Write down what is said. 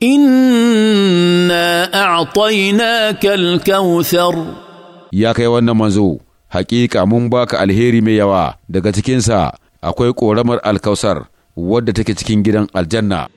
inna a'tainaka na kautsar ya kai wannan manzo hakika mun baka alheri mai yawa daga cikinsa akwai ƙoramar alkausar wadda take cikin gidan aljanna